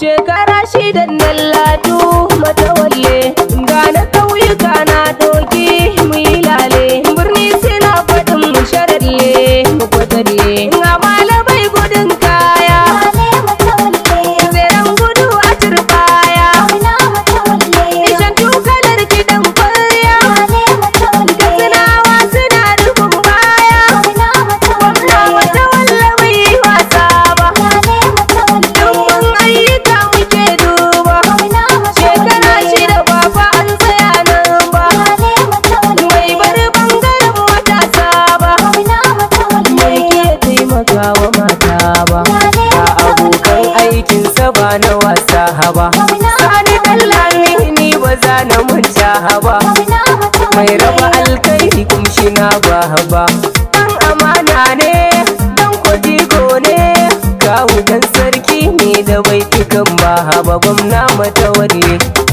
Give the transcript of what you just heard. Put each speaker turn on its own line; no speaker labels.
shekara shidan nan ladu matawalle
saka mata ba a abokan aikinsa
ba na wasa haba sani dallami ni ba za na manta haba mai raba alkairi kumshi na ba haba dan amana ne dan kwadigo ne kawu dan sarki ne da bai dukan ba haba gwamna mata